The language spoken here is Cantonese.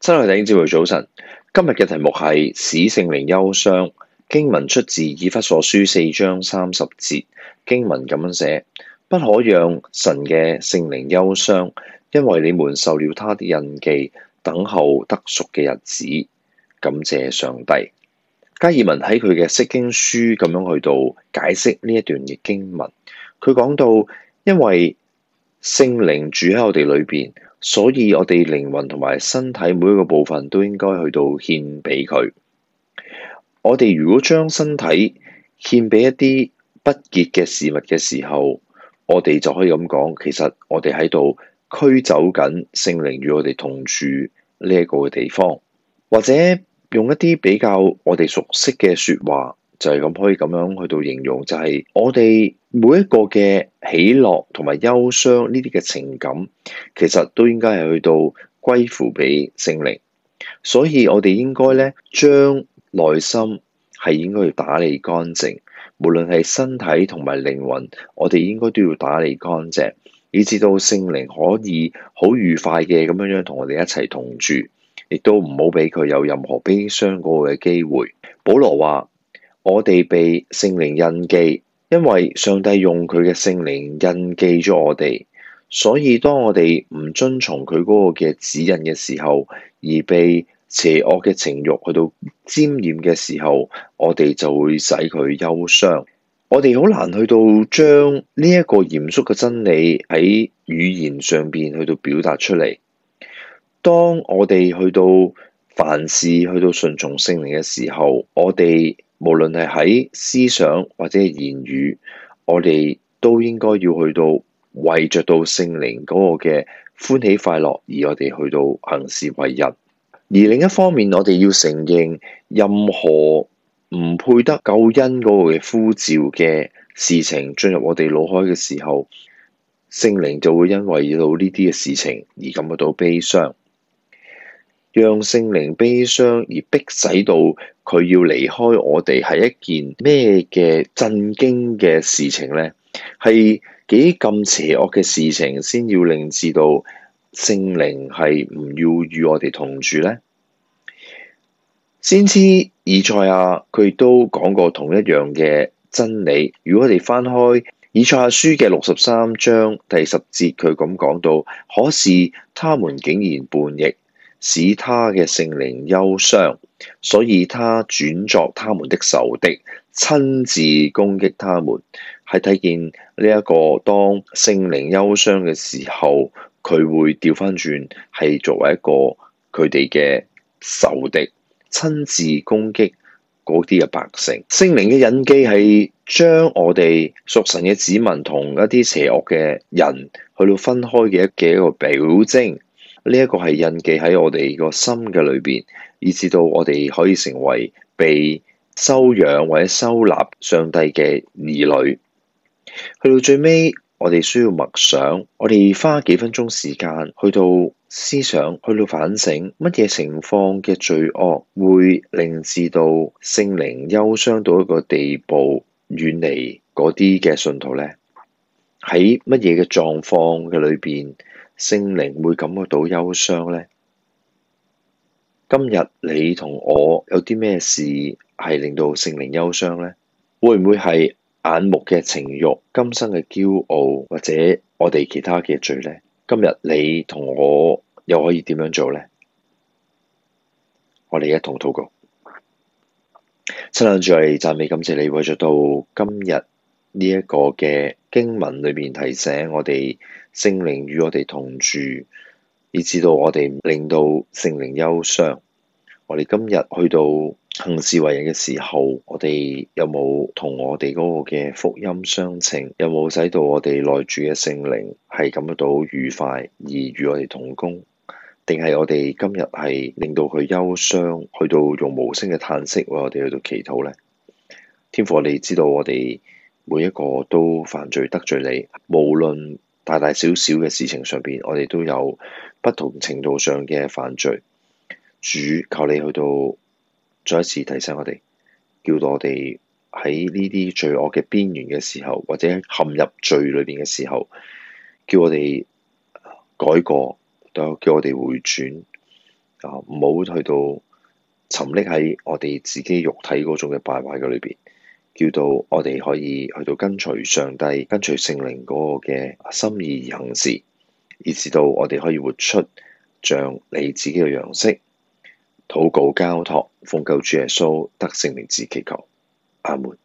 親愛弟兄姊妹，早晨。今日嘅題目係使聖靈憂傷。經文出自以弗所書四章三十節。經文咁樣寫：不可讓神嘅聖靈憂傷，因為你們受了祂的印記，等候得贖嘅日子。感謝上帝。加爾文喺佢嘅釋經書咁樣去到解釋呢一段嘅經文。佢講到，因為聖靈住喺我哋裏邊。所以我哋靈魂同埋身體每一個部分都應該去到獻俾佢。我哋如果將身體獻俾一啲不潔嘅事物嘅時候，我哋就可以咁講，其實我哋喺度驅走緊聖靈與我哋同處呢一個嘅地方，或者用一啲比較我哋熟悉嘅説話。就係咁可以咁樣去到形容，就係、是、我哋每一個嘅喜樂同埋憂傷呢啲嘅情感，其實都應該係去到歸附俾聖靈。所以我哋應該咧，將內心係應該要打理乾淨，無論係身體同埋靈魂，我哋應該都要打理乾淨，以至到聖靈可以好愉快嘅咁樣樣同我哋一齊同住，亦都唔好俾佢有任何悲傷過嘅機會。保羅話。我哋被聖靈印記，因為上帝用佢嘅聖靈印記咗我哋，所以當我哋唔遵從佢嗰個嘅指引嘅時候，而被邪惡嘅情欲去到沾染嘅時候，我哋就會使佢憂傷。我哋好難去到將呢一個嚴肅嘅真理喺語言上面去到表達出嚟。當我哋去到凡事去到順從聖靈嘅時候，我哋。無論係喺思想或者係言語，我哋都應該要去到為着到聖靈嗰個嘅歡喜快樂，而我哋去到行事為人。而另一方面，我哋要承認任何唔配得救恩嗰個嘅呼召嘅事情進入我哋腦海嘅時候，聖靈就會因為到呢啲嘅事情而感覺到悲傷。讓聖靈悲傷而迫使到佢要離開我哋，係一件咩嘅震驚嘅事情呢？係幾咁邪惡嘅事情，先要令至到聖靈係唔要與我哋同住呢？先知以賽亞佢都講過同一樣嘅真理。如果我哋翻開以賽亞書嘅六十三章第十節，佢咁講到：「可是他們竟然叛逆。使他嘅聖靈憂傷，所以他轉作他們的仇敵，親自攻擊他們。係睇見呢一個當聖靈憂傷嘅時候，佢會調翻轉，係作為一個佢哋嘅仇敵，親自攻擊嗰啲嘅百姓。聖靈嘅印記係將我哋屬神嘅子民同一啲邪惡嘅人去到分開嘅嘅一個表徵。呢一個係印記喺我哋個心嘅裏邊，以致到我哋可以成為被收養或者收納上帝嘅兒女。去到最尾，我哋需要默想，我哋花幾分鐘時間去到思想，去到反省，乜嘢情況嘅罪惡會令至到聖靈憂傷到一個地步，遠離嗰啲嘅信徒呢，喺乜嘢嘅狀況嘅裏邊？聖靈會感覺到憂傷咧？今日你同我有啲咩事係令到聖靈憂傷咧？會唔會係眼目嘅情欲，今生嘅驕傲，或者我哋其他嘅罪咧？今日你同我又可以點樣做咧？我哋一同禱告。親愛嘅主嚟讚美、感謝你，為咗到今日呢一個嘅。經文裏面提醒我哋，聖靈與我哋同住，以至到我哋令到聖靈憂傷。我哋今日去到行事為人嘅時候，我哋有冇同我哋嗰個嘅福音相稱？有冇使到我哋內住嘅聖靈係感覺到愉快而與我哋同工？定係我哋今日係令到佢憂傷，去到用無聲嘅嘆息為我哋去到祈禱呢？天父，你知道我哋。每一個都犯罪得罪你，無論大大小小嘅事情上邊，我哋都有不同程度上嘅犯罪。主，求你去到再一次提醒我哋，叫到我哋喺呢啲罪惡嘅邊緣嘅時候，或者陷入罪裏邊嘅時候，叫我哋改過，都叫我哋回轉啊！唔好去到沉溺喺我哋自己肉體嗰種嘅敗壞嘅裏邊。叫到我哋可以去到跟隨上帝、跟隨聖靈嗰個嘅心意而行事，以至到我哋可以活出像你自己嘅樣式。禱告交託奉救主耶穌得聖靈之祈求。阿門。